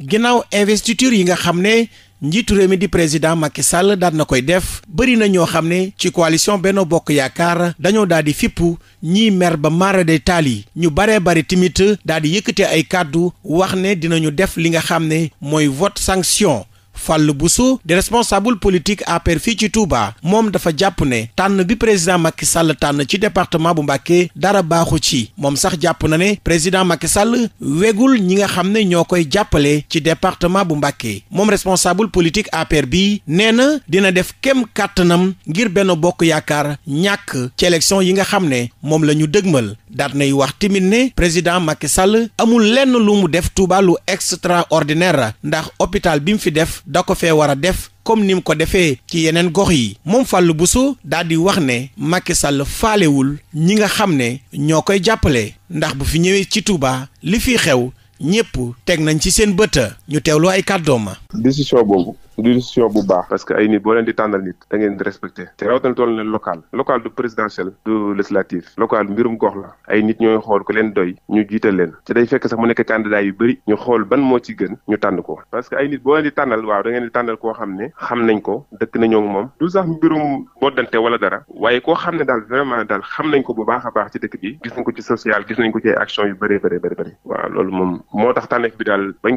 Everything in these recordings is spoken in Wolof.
ginnaaw investiture yi nga xam ne njiitu réew mi di président Macky Sall daan na koy def bëri na ñoo xam ne ci coalition Benno Bokk Yaakaar dañoo daal di fippu ñii mer ba mara de taal yi ñu baree bari timit daal di yëkkate ay kaddu wax ne dinañu def li nga xam ne mooy vote sanction Fallou Bousso di responsable politique APR fii ci Touba moom dafa jàpp ne tànn bi président Macky Sall tànn ci département bu Mbacké dara baaxu ci moom sax jàpp na ne président Macky Sall wegul ñi nga xam ne ñoo koy jàppale ci département bu Mbacké moom responsable politique APR bii nee na dina def kem kàttanam ngir benn bokk yaakaar ñàkk ci élection yi nga xam ne moom la ñu dëgmal daat nay wax timit ne président Macky Sall amul lenn lu mu def Touba lu extraordinaire ndax hôpital bi mu fi def. da ko fee war a def comme ni mu ko defee ci yeneen gox yi moom Fallou Bousso daal di wax ne Macky Sall faalewul ñi nga xam ne ñoo koy jàppale ndax bu fi ñëwee ci Touba li fi xew ñépp teg nañ ci seen bët ñu teewloo ay kàddoom ma décision boobu du décision bu baax parce que ay nit boo leen di tànnal nit da ngeen di respecté te rawatina toll ne local local du présidentiel du législatif local mbirum gox la ay nit ñooy xool ko leen doy ñu jiital leen te day fekk sax mu nekk candidat yu bëri ñu xool ban moo ci gën ñu tànn ko parce que ay nit boo leen di tànnal waaw da ngeen di tànnal koo xam ne xam nañ ko dëkk nañoo ak moom du sax mbirum boddante wala dara waaye koo xam ne daal vraiment daal xam nañ ko bu baax baax ci dëkk bi gis ci social gis nañ ko ci action yu bëri bëri bëri bëri waaw loolu moom moo tax tànneef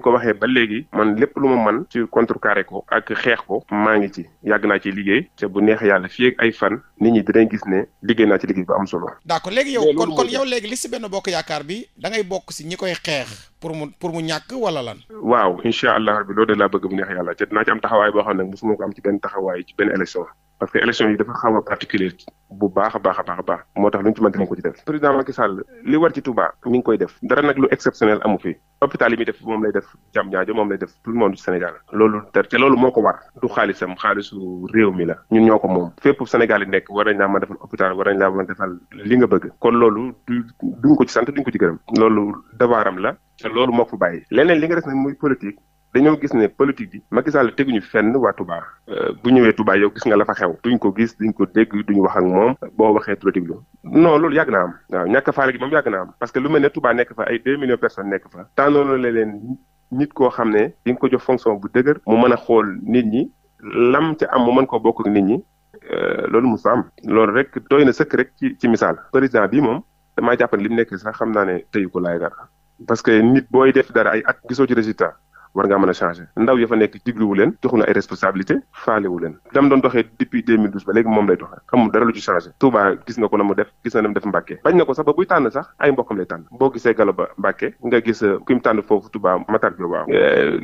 ko waxee ba léegi man lépp lu ma man ci contrecarré ko ak xeex ko maa ngi ci yàgg naa ci liggéey te bu neex yàlla fii ak ay fan nit ñi dinañ gis ne liggéey naa ci liggéey bu am solo. d'accord léegi yow kon kon yow léegi li si benn bokk yaakaar bi da ngay bokk si ñi koy xeex pour mu pour mu ñàkk wala lan. waaw incha allah rabbi loolu de laa bëgg bu neex yàlla te dinaa ci am taxawaay boo xam ne mosuma ko am ci benn taxawaay ci benn élection parce que élection yi dafa xaw a particulier bu baax a baax a baax a baax moo tax lu ñu ci mën dinañ ko ci def président Macky Sall li war ci Touba mi koy def dara nag lu exceptionnel amu fi hôpital yi muy def moom lay def jam ñaajo moom lay def tout le monde ci Sénégal loolu te te loolu moo ko war du xaalisam xaalisu réew mi la ñun ñoo ko moom fépp Sénégal yi nekk war nañ laa mën defal hôpital war nañ laa mën defal li nga bëgg kon loolu du duñ ko ci sant duñ ko ci gërëm loolu devoiram la te loolu moo ko fa bàyyi leneen li nga def dañoo gis ne politique bi Macky Sall teguñu fenn waa tubaa euh, bu ñëwee Touba yow gis nga la fa xew ñu ko gis duñ ko dégg duñ wax ak moom boo waxee politique lu non loolu yàgg na am waaw ñàkk faale gi moom yàgg na am parce que lu mel ne Touba nekk fa ay deux millions personnes nekk fa tànnoon la leen nit koo xam ne di nga ko jox fonction bu dëgër mu mën a xool nit ñi lam ca am mu mën koo bokk nit ñi euh, loolu mu am loolu rek doy na sëkk rek ci ci misaal président bi moom damaa jàpp li mu nekk sax xam naa ne tëyu ko laay parce que nit booy def dara ay at gisoo ci résultat war ngaa mën a changer ndaw ya fa nekk digluwu leen joxu na ay responsabilité faalewu leen dam doon doxee depuis 2012 ba léegi moom lay doxee xamul dara lu ci changé Touba gis nga ko mu def gis na def Mbàkke bañ na ko sax ba buy tànn sax ay mbokkam lay tànn boo gisee galo ba nga gis uh, ki mu tànn foofu Matar Diop uh,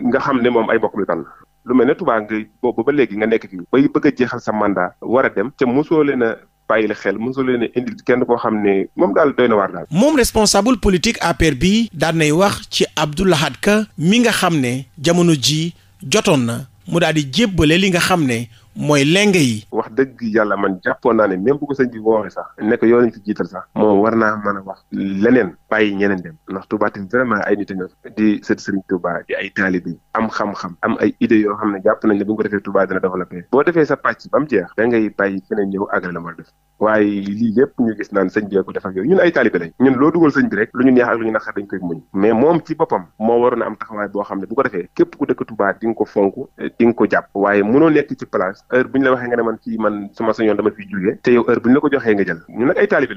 nga xam ne moom ay mbokkam lay tànn lu mel ne Touba nga boobu ba léegi nga nekk fii bay bëgg a jeexal sa mandat war a dem ca mosoo a bàyyi la xel mësul leen kenn koo xam ne moom daal doy na waar daal. moom responsable politique bi daan nay wax ci Abdou Lahad Ka mi nga xam ne jamono ji jotoon na mu daal di jébbale li nga xam ne. mooy lenge yi. wax dëgg yàlla man jàppoon naa ne même bu ko sëñ bi woowee sax nekk yoo lañ ci jiital sax moom war naa a wax leneen bàyyi ñeneen dem ndax Touba tamit vraiment ay nit di sët Serigne Touba di ay taalibe am xam-xam am ay idées yoo xam ne jàpp nañ ne bu ko defee Touba dina développé boo defee sa pàcc ba mu jeex da ngay bàyyi keneen ñëw def waaye lii lépp ñu yooyu ñun ay taalibe lañ ñun loo dugal sëñ bi rek lu ñu neex ak lu a naqar dañ koy muñ mais moom ci boppam moo waroon a am taxawaay boo xam ne bu ko defee képp ku dëkk tubaa di nga ko fonk di nga ko jàpp waaye mënoo nekk ci place heure bu ñu la waxee nga ne man ci man su ma sañoon dama fiy jugee te yow heure bu ñu la joxee nga jël ñun nag ay taalibe